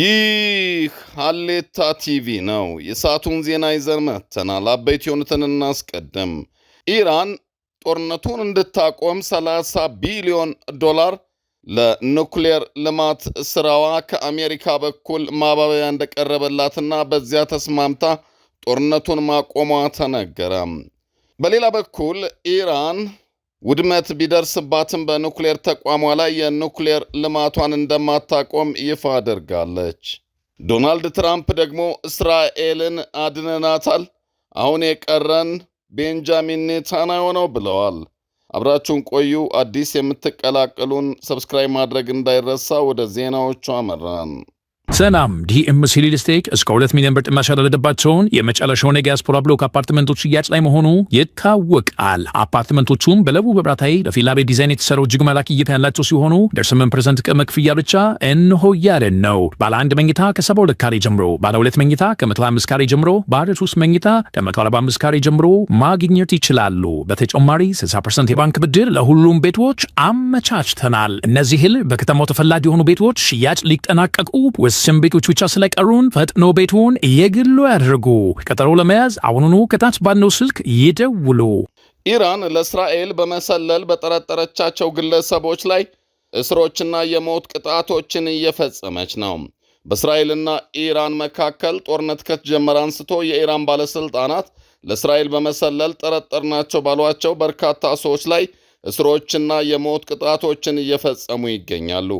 ይህ ሀሌታ ቲቪ ነው። የሰዓቱን ዜና ይዘን መጥተናል። አበይት የሆኑትን እናስቀድም። ኢራን ጦርነቱን እንድታቆም 30 ቢሊዮን ዶላር ለኑክሌር ልማት ስራዋ ከአሜሪካ በኩል ማባበያ እንደቀረበላትና በዚያ ተስማምታ ጦርነቱን ማቆሟ ተነገረ። በሌላ በኩል ኢራን ውድመት ቢደርስባትም በኑክሌር ተቋሟ ላይ የኑክሌር ልማቷን እንደማታቆም ይፋ አድርጋለች። ዶናልድ ትራምፕ ደግሞ እስራኤልን አድነናታል፣ አሁን የቀረን ቤንጃሚን ኔታንያሁ ነው ብለዋል። አብራችሁን ቆዩ። አዲስ የምትቀላቀሉን ሰብስክራይብ ማድረግ እንዳይረሳ። ወደ ዜናዎቹ አመራን። ሰላም ዲኤምሲ ሪል ስቴት እስከ ሁለት ሚሊዮን ብር ጥማሽ ያደረገባት ሲሆን የመጨረሻውን የዲያስፖራ ብሎክ አፓርትመንቶች ሽያጭ ላይ መሆኑ ይታወቃል። አፓርትመንቶቹም በለቡ በብራታዊ ለፊላ ቤት ዲዛይን የተሰራው እጅግ ማራኪ እይታ ያላቸው ሲሆኑ ደርስምን ፐርሰንት ቅድመ ክፍያ ብቻ እንሆ ያለን ነው። ባለ አንድ መኝታ ከ ካሬ ጀምሮ፣ ባለ ሁለት መኝታ ከ125 ካሬ ጀምሮ፣ ባለ ሶስት መኝታ ከ145 ካሬ ጀምሮ ማግኘት ይችላሉ። በተጨማሪ 60% የባንክ ብድር ለሁሉም ቤቶች አመቻችተናል። እነዚህን በከተማው ተፈላጊ የሆኑ ቤቶች ሽያጭ ሊጠናቀቁ ውስን ቤቶች ብቻ ስለቀሩን ፈጥኖ ቤቱን የግሉ ያድርጉ። ቀጠሮ ለመያዝ አሁኑኑ ከታች ባለው ስልክ ይደውሉ። ኢራን ለእስራኤል በመሰለል በጠረጠረቻቸው ግለሰቦች ላይ እስሮችና የሞት ቅጣቶችን እየፈጸመች ነው። በእስራኤልና ኢራን መካከል ጦርነት ከተጀመረ አንስቶ የኢራን ባለሥልጣናት ለእስራኤል በመሰለል ጠረጠርናቸው ባሏቸው በርካታ ሰዎች ላይ እስሮችና የሞት ቅጣቶችን እየፈጸሙ ይገኛሉ።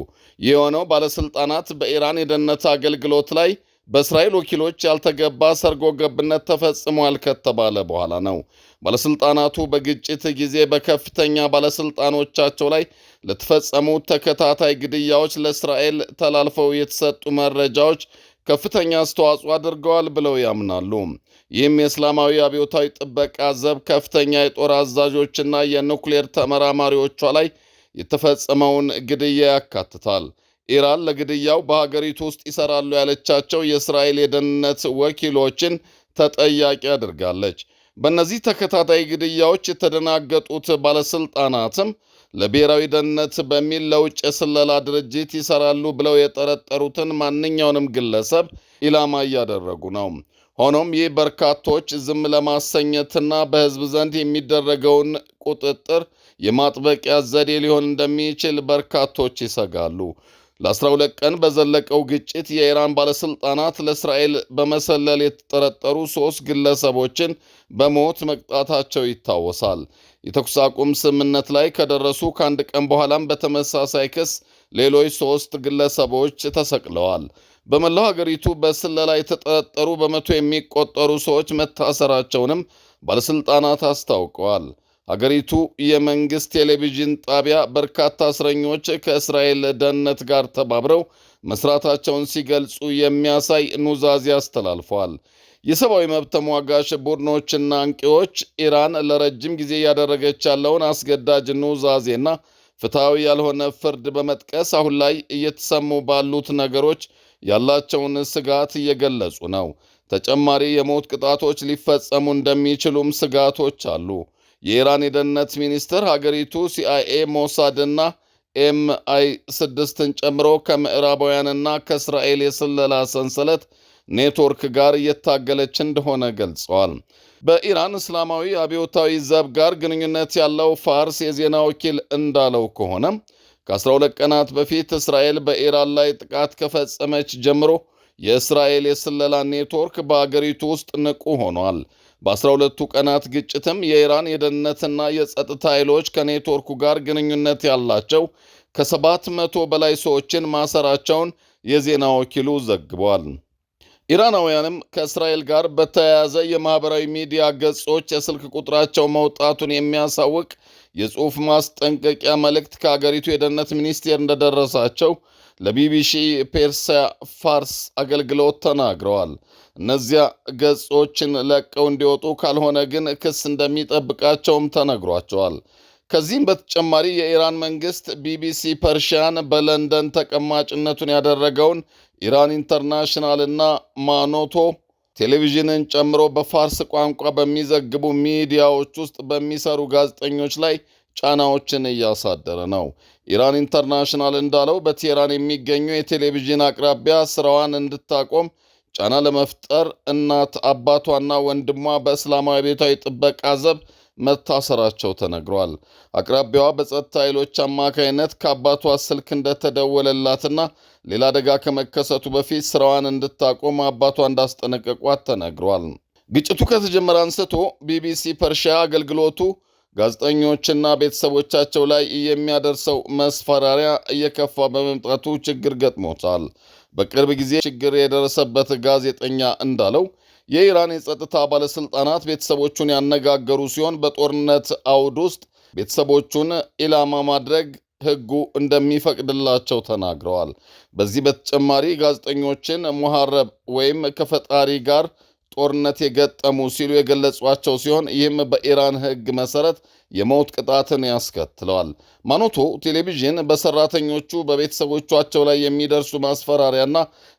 የሆነው ባለሥልጣናት በኢራን የደህንነት አገልግሎት ላይ በእስራኤል ወኪሎች ያልተገባ ሰርጎ ገብነት ተፈጽሟል ከተባለ በኋላ ነው። ባለሥልጣናቱ በግጭት ጊዜ በከፍተኛ ባለሥልጣኖቻቸው ላይ ለተፈጸሙ ተከታታይ ግድያዎች ለእስራኤል ተላልፈው የተሰጡ መረጃዎች ከፍተኛ አስተዋጽኦ አድርገዋል ብለው ያምናሉ። ይህም የእስላማዊ አብዮታዊ ጥበቃ ዘብ ከፍተኛ የጦር አዛዦችና የኑክሌር ተመራማሪዎቿ ላይ የተፈጸመውን ግድያ ያካትታል። ኢራን ለግድያው በሀገሪቱ ውስጥ ይሰራሉ ያለቻቸው የእስራኤል የደህንነት ወኪሎችን ተጠያቂ አድርጋለች። በእነዚህ ተከታታይ ግድያዎች የተደናገጡት ባለሥልጣናትም ለብሔራዊ ደህንነት በሚል ለውጭ የስለላ ድርጅት ይሰራሉ ብለው የጠረጠሩትን ማንኛውንም ግለሰብ ኢላማ እያደረጉ ነው። ሆኖም ይህ በርካቶች ዝም ለማሰኘትና በሕዝብ ዘንድ የሚደረገውን ቁጥጥር የማጥበቂያ ዘዴ ሊሆን እንደሚችል በርካቶች ይሰጋሉ። ለ12 ቀን በዘለቀው ግጭት የኢራን ባለሥልጣናት ለእስራኤል በመሰለል የተጠረጠሩ ሦስት ግለሰቦችን በሞት መቅጣታቸው ይታወሳል። የተኩስ አቁም ስምምነት ላይ ከደረሱ ከአንድ ቀን በኋላም በተመሳሳይ ክስ ሌሎች ሦስት ግለሰቦች ተሰቅለዋል። በመላው ሀገሪቱ በስለላ የተጠረጠሩ በመቶ የሚቆጠሩ ሰዎች መታሰራቸውንም ባለሥልጣናት አስታውቀዋል። አገሪቱ የመንግሥት ቴሌቪዥን ጣቢያ በርካታ እስረኞች ከእስራኤል ደህንነት ጋር ተባብረው መስራታቸውን ሲገልጹ የሚያሳይ ኑዛዜ አስተላልፏል። የሰብአዊ መብት ተሟጋች ቡድኖችና አንቂዎች ኢራን ለረጅም ጊዜ እያደረገች ያለውን አስገዳጅ ኑዛዜና ፍትሐዊ ያልሆነ ፍርድ በመጥቀስ አሁን ላይ እየተሰሙ ባሉት ነገሮች ያላቸውን ስጋት እየገለጹ ነው። ተጨማሪ የሞት ቅጣቶች ሊፈጸሙ እንደሚችሉም ስጋቶች አሉ። የኢራን የደህንነት ሚኒስትር ሀገሪቱ ሲአይኤ፣ ሞሳድና ኤምአይ ስድስትን ጨምሮ ከምዕራባውያንና ከእስራኤል የስለላ ሰንሰለት ኔትወርክ ጋር እየታገለች እንደሆነ ገልጸዋል። በኢራን እስላማዊ አብዮታዊ ዘብ ጋር ግንኙነት ያለው ፋርስ የዜና ወኪል እንዳለው ከሆነ ከ12 ቀናት በፊት እስራኤል በኢራን ላይ ጥቃት ከፈጸመች ጀምሮ የእስራኤል የስለላ ኔትወርክ በአገሪቱ ውስጥ ንቁ ሆኗል። በአስራ ሁለቱ ቀናት ግጭትም የኢራን የደህንነትና የጸጥታ ኃይሎች ከኔትወርኩ ጋር ግንኙነት ያላቸው ከሰባት መቶ በላይ ሰዎችን ማሰራቸውን የዜና ወኪሉ ዘግቧል። ኢራናውያንም ከእስራኤል ጋር በተያያዘ የማኅበራዊ ሚዲያ ገጾች የስልክ ቁጥራቸው መውጣቱን የሚያሳውቅ የጽሑፍ ማስጠንቀቂያ መልእክት ከአገሪቱ የደህንነት ሚኒስቴር እንደደረሳቸው ለቢቢሲ ፔርሲያ ፋርስ አገልግሎት ተናግረዋል። እነዚያ ገጾችን ለቀው እንዲወጡ ካልሆነ ግን ክስ እንደሚጠብቃቸውም ተነግሯቸዋል። ከዚህም በተጨማሪ የኢራን መንግስት ቢቢሲ ፐርሺያን በለንደን ተቀማጭነቱን ያደረገውን ኢራን ኢንተርናሽናል እና ማኖቶ ቴሌቪዥንን ጨምሮ በፋርስ ቋንቋ በሚዘግቡ ሚዲያዎች ውስጥ በሚሰሩ ጋዜጠኞች ላይ ጫናዎችን እያሳደረ ነው። ኢራን ኢንተርናሽናል እንዳለው በቴህራን የሚገኙ የቴሌቪዥን አቅራቢያ ስራዋን እንድታቆም ጫና ለመፍጠር እናት አባቷና ወንድሟ በእስላማዊ ቤታዊ ጥበቃ ዘብ መታሰራቸው ተነግሯል። አቅራቢያዋ በጸጥታ ኃይሎች አማካይነት ከአባቷ ስልክ እንደተደወለላትና ሌላ አደጋ ከመከሰቱ በፊት ስራዋን እንድታቆም አባቷ እንዳስጠነቀቋት ተነግሯል። ግጭቱ ከተጀመረ አንስቶ ቢቢሲ ፐርሺያ አገልግሎቱ ጋዜጠኞችና ቤተሰቦቻቸው ላይ የሚያደርሰው መስፈራሪያ እየከፋ በመምጣቱ ችግር ገጥሞታል። በቅርብ ጊዜ ችግር የደረሰበት ጋዜጠኛ እንዳለው የኢራን የጸጥታ ባለሥልጣናት ቤተሰቦቹን ያነጋገሩ ሲሆን በጦርነት አውድ ውስጥ ቤተሰቦቹን ኢላማ ማድረግ ሕጉ እንደሚፈቅድላቸው ተናግረዋል። በዚህ በተጨማሪ ጋዜጠኞችን ሙሐረብ ወይም ከፈጣሪ ጋር ጦርነት የገጠሙ ሲሉ የገለጿቸው ሲሆን ይህም በኢራን ሕግ መሰረት የሞት ቅጣትን ያስከትለዋል። ማኖቶ ቴሌቪዥን በሰራተኞቹ በቤተሰቦቻቸው ላይ የሚደርሱ ማስፈራሪያና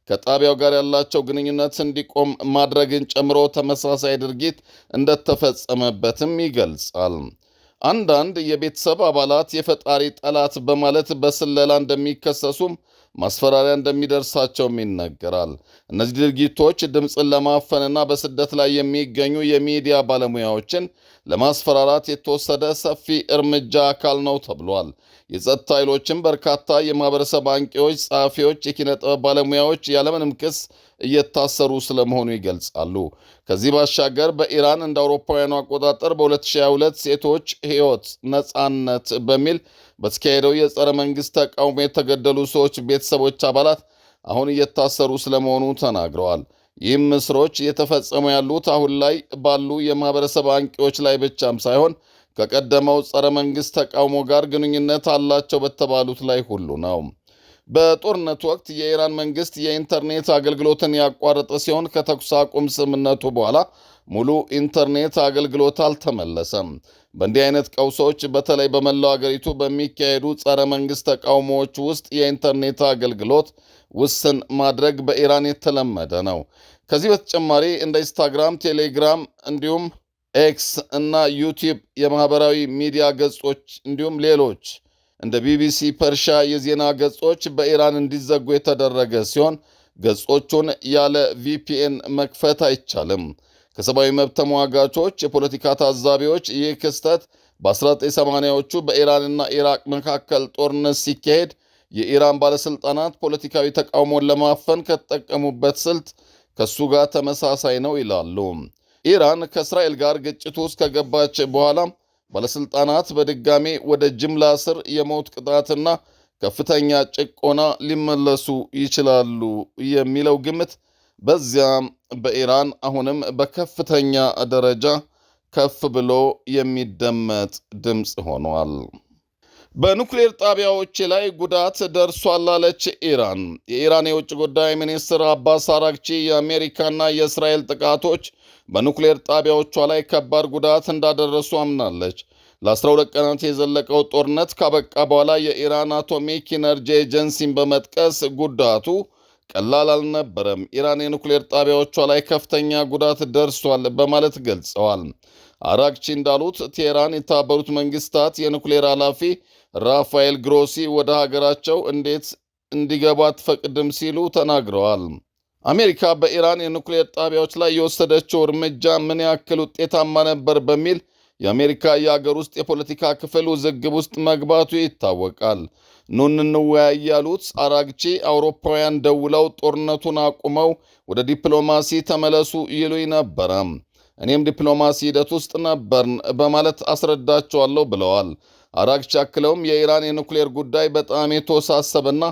ከጣቢያው ጋር ያላቸው ግንኙነት እንዲቆም ማድረግን ጨምሮ ተመሳሳይ ድርጊት እንደተፈጸመበትም ይገልጻል። አንዳንድ የቤተሰብ አባላት የፈጣሪ ጠላት በማለት በስለላ እንደሚከሰሱም ማስፈራሪያ እንደሚደርሳቸውም ይነገራል። እነዚህ ድርጊቶች ድምፅን ለማፈንና በስደት ላይ የሚገኙ የሚዲያ ባለሙያዎችን ለማስፈራራት የተወሰደ ሰፊ እርምጃ አካል ነው ተብሏል። የጸጥታ ኃይሎችም በርካታ የማህበረሰብ አንቂዎች፣ ጸሐፊዎች፣ የኪነ ጥበብ ባለሙያዎች ያለምንም ክስ እየታሰሩ ስለመሆኑ ይገልጻሉ። ከዚህ ባሻገር በኢራን እንደ አውሮፓውያኑ አቆጣጠር በ2022 ሴቶች ሕይወት ነፃነት በሚል በተካሄደው የጸረ መንግሥት ተቃውሞ የተገደሉ ሰዎች ቤተሰቦች አባላት አሁን እየታሰሩ ስለመሆኑ ተናግረዋል። ይህም ምስሮች እየተፈጸሙ ያሉት አሁን ላይ ባሉ የማኅበረሰብ አንቂዎች ላይ ብቻም ሳይሆን ከቀደመው ጸረ መንግሥት ተቃውሞ ጋር ግንኙነት አላቸው በተባሉት ላይ ሁሉ ነው። በጦርነቱ ወቅት የኢራን መንግስት የኢንተርኔት አገልግሎትን ያቋረጠ ሲሆን ከተኩስ አቁም ስምምነቱ በኋላ ሙሉ ኢንተርኔት አገልግሎት አልተመለሰም። በእንዲህ አይነት ቀውሶች በተለይ በመላው አገሪቱ በሚካሄዱ ጸረ መንግስት ተቃውሞዎች ውስጥ የኢንተርኔት አገልግሎት ውስን ማድረግ በኢራን የተለመደ ነው። ከዚህ በተጨማሪ እንደ ኢንስታግራም፣ ቴሌግራም እንዲሁም ኤክስ እና ዩቲዩብ የማህበራዊ ሚዲያ ገጾች እንዲሁም ሌሎች እንደ ቢቢሲ ፐርሻ የዜና ገጾች በኢራን እንዲዘጉ የተደረገ ሲሆን ገጾቹን ያለ ቪፒኤን መክፈት አይቻልም። ከሰብአዊ መብት ተሟጋቾች፣ የፖለቲካ ታዛቢዎች ይህ ክስተት በ1980ዎቹ በኢራንና ኢራቅ መካከል ጦርነት ሲካሄድ የኢራን ባለሥልጣናት ፖለቲካዊ ተቃውሞን ለማፈን ከተጠቀሙበት ስልት ከእሱ ጋር ተመሳሳይ ነው ይላሉ። ኢራን ከእስራኤል ጋር ግጭቱ ውስጥ ከገባች በኋላም ባለሥልጣናት በድጋሜ ወደ ጅምላ ስር የሞት ቅጣትና ከፍተኛ ጭቆና ሊመለሱ ይችላሉ የሚለው ግምት በዚያም በኢራን አሁንም በከፍተኛ ደረጃ ከፍ ብሎ የሚደመጥ ድምፅ ሆኗል። በኑክሌር ጣቢያዎች ላይ ጉዳት ደርሷል አለች ኢራን። የኢራን የውጭ ጉዳይ ሚኒስትር አባስ አራግቺ የአሜሪካና የእስራኤል ጥቃቶች በኑክሌር ጣቢያዎቿ ላይ ከባድ ጉዳት እንዳደረሱ አምናለች። ለ12 ቀናት የዘለቀው ጦርነት ካበቃ በኋላ የኢራን አቶሚክ ኢነርጂ ኤጀንሲን በመጥቀስ ጉዳቱ ቀላል አልነበረም፣ ኢራን የኑክሌር ጣቢያዎቿ ላይ ከፍተኛ ጉዳት ደርሷል በማለት ገልጸዋል። አራግቺ እንዳሉት ቴህራን የተባበሩት መንግስታት የኑክሌር ኃላፊ ራፋኤል ግሮሲ ወደ ሀገራቸው እንዴት እንዲገባ አትፈቅድም ሲሉ ተናግረዋል። አሜሪካ በኢራን የኑክሌር ጣቢያዎች ላይ የወሰደችው እርምጃ ምን ያክል ውጤታማ ነበር በሚል የአሜሪካ የአገር ውስጥ የፖለቲካ ክፍል ውዝግብ ውስጥ መግባቱ ይታወቃል። ኑን እንወያይ ያሉት አራግቺ አውሮፓውያን ደውለው ጦርነቱን አቁመው ወደ ዲፕሎማሲ ተመለሱ ይሉኝ ነበረ። እኔም ዲፕሎማሲ ሂደት ውስጥ ነበርን በማለት አስረዳቸዋለሁ ብለዋል። አራግቺ አክለውም የኢራን የኑክሌር ጉዳይ በጣም የተወሳሰበና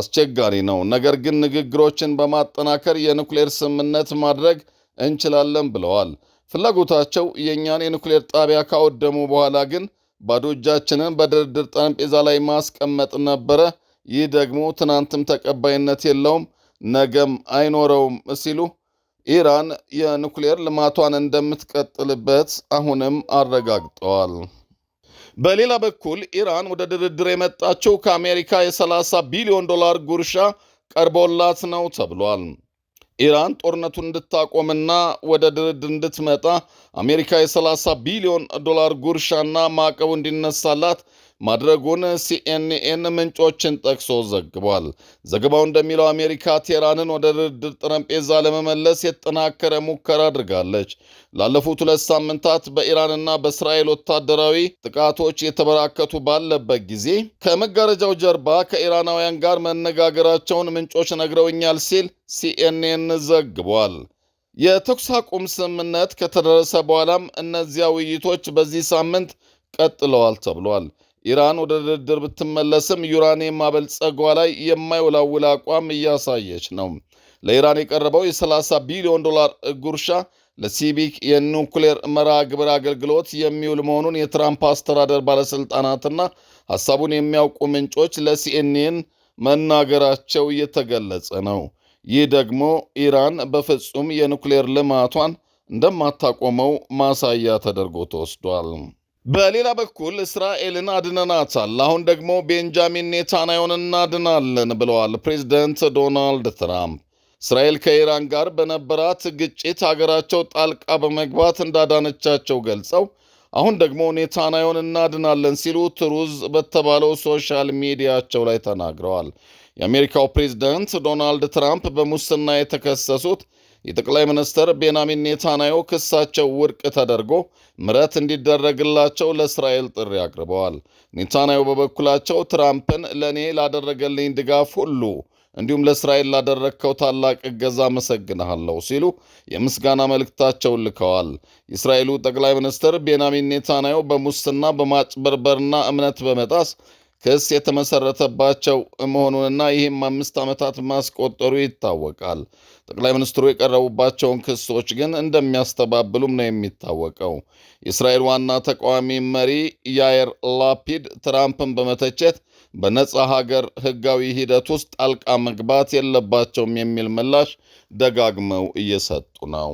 አስቸጋሪ ነው። ነገር ግን ንግግሮችን በማጠናከር የኑክሌር ስምምነት ማድረግ እንችላለን ብለዋል። ፍላጎታቸው የእኛን የኑክሌር ጣቢያ ካወደሙ በኋላ ግን ባዶ እጃችንን በድርድር ጠረጴዛ ላይ ማስቀመጥ ነበረ። ይህ ደግሞ ትናንትም ተቀባይነት የለውም፣ ነገም አይኖረውም ሲሉ ኢራን የኑክሌር ልማቷን እንደምትቀጥልበት አሁንም አረጋግጠዋል። በሌላ በኩል ኢራን ወደ ድርድር የመጣችው ከአሜሪካ የ30 ቢሊዮን ዶላር ጉርሻ ቀርቦላት ነው ተብሏል። ኢራን ጦርነቱን እንድታቆምና ወደ ድርድር እንድትመጣ አሜሪካ የ30 ቢሊዮን ዶላር ጉርሻና ማዕቀቡ እንዲነሳላት ማድረጉን ሲኤንኤን ምንጮችን ጠቅሶ ዘግቧል። ዘገባው እንደሚለው አሜሪካ ቴህራንን ወደ ድርድር ጠረጴዛ ለመመለስ የተጠናከረ ሙከራ አድርጋለች። ላለፉት ሁለት ሳምንታት በኢራንና በእስራኤል ወታደራዊ ጥቃቶች የተበራከቱ ባለበት ጊዜ ከመጋረጃው ጀርባ ከኢራናውያን ጋር መነጋገራቸውን ምንጮች ነግረውኛል ሲል ሲኤንኤን ዘግቧል። የተኩስ አቁም ስምምነት ከተደረሰ በኋላም እነዚያ ውይይቶች በዚህ ሳምንት ቀጥለዋል ተብሏል። ኢራን ወደ ድርድር ብትመለስም ዩራኒየም ማበልጸጓ ላይ የማይወላውል አቋም እያሳየች ነው። ለኢራን የቀረበው የ30 ቢሊዮን ዶላር ጉርሻ ለሲቪክ የኑክሌር መርሃ ግብር አገልግሎት የሚውል መሆኑን የትራምፕ አስተዳደር ባለሥልጣናትና ሐሳቡን የሚያውቁ ምንጮች ለሲኤንኤን መናገራቸው እየተገለጸ ነው። ይህ ደግሞ ኢራን በፍጹም የኑክሌር ልማቷን እንደማታቆመው ማሳያ ተደርጎ ተወስዷል። በሌላ በኩል እስራኤልን አድነናታል፣ አሁን ደግሞ ቤንጃሚን ኔታንያሁን እናድናለን ብለዋል ፕሬዚደንት ዶናልድ ትራምፕ። እስራኤል ከኢራን ጋር በነበራት ግጭት ሀገራቸው ጣልቃ በመግባት እንዳዳነቻቸው ገልጸው አሁን ደግሞ ኔታንያሁን እናድናለን ሲሉ ትሩዝ በተባለው ሶሻል ሚዲያቸው ላይ ተናግረዋል። የአሜሪካው ፕሬዚደንት ዶናልድ ትራምፕ በሙስና የተከሰሱት የጠቅላይ ሚኒስትር ቤንያሚን ኔታንያሁ ክሳቸው ውድቅ ተደርጎ ምሕረት እንዲደረግላቸው ለእስራኤል ጥሪ አቅርበዋል። ኔታንያሁ በበኩላቸው ትራምፕን ለእኔ ላደረገልኝ ድጋፍ ሁሉ እንዲሁም ለእስራኤል ላደረግከው ታላቅ እገዛ አመሰግንሃለሁ ሲሉ የምስጋና መልእክታቸውን ልከዋል። የእስራኤሉ ጠቅላይ ሚኒስትር ቤንያሚን ኔታንያሁ በሙስና በማጭበርበርና እምነት በመጣስ ክስ የተመሰረተባቸው መሆኑንና ይህም አምስት ዓመታት ማስቆጠሩ ይታወቃል። ጠቅላይ ሚኒስትሩ የቀረቡባቸውን ክሶች ግን እንደሚያስተባብሉም ነው የሚታወቀው። የእስራኤል ዋና ተቃዋሚ መሪ ያየር ላፒድ ትራምፕን በመተቸት በነጻ ሀገር ሕጋዊ ሂደት ውስጥ ጣልቃ መግባት የለባቸውም የሚል ምላሽ ደጋግመው እየሰጡ ነው።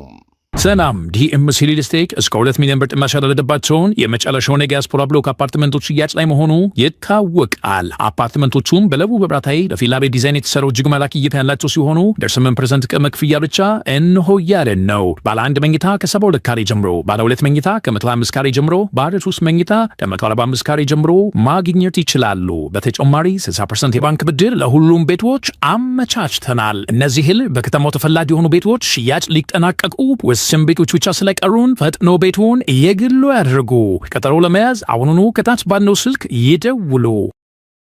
ሰላም ዲኤምሲ ሪል ስቴት እስከ ሁለት ሚሊዮን ብር ጥማሽ ያደረገባቸውን የመጨረሻውን የዲያስፖራ ብሎክ አፓርትመንቶች ሽያጭ ላይ መሆኑ ይታወቃል። አፓርትመንቶቹም በለቡ በብራታዊ ለፊላ ቤት ዲዛይን የተሰራው እጅግ ማራኪ እይታ ያላቸው ሲሆኑ ደርስምን ፐርሰንት ቅድመ ክፍያ ብቻ እንሆ ያለን ነው። ባለ አንድ መኝታ ከሰባ ሁለት ካሬ ጀምሮ፣ ባለ ሁለት መኝታ ከመቶ አምስት ካሬ ጀምሮ፣ ባለ ሶስት መኝታ ከመቶ አርባ አምስት ካሬ ጀምሮ ማግኘት ይችላሉ። በተጨማሪ 60 ፐርሰንት የባንክ ብድር ለሁሉም ቤቶች አመቻችተናል። እነዚህ ህል በከተማው ተፈላጊ የሆኑ ቤቶች ሽያጭ ሊጠናቀቁ ወስ ውስን ቤቶች ብቻ ስለቀሩን ፈጥኖ ቤቱን የግሉ ያድርጉ። ቀጠሮ ለመያዝ አሁኑኑ ከታች ባለው ስልክ ይደውሉ።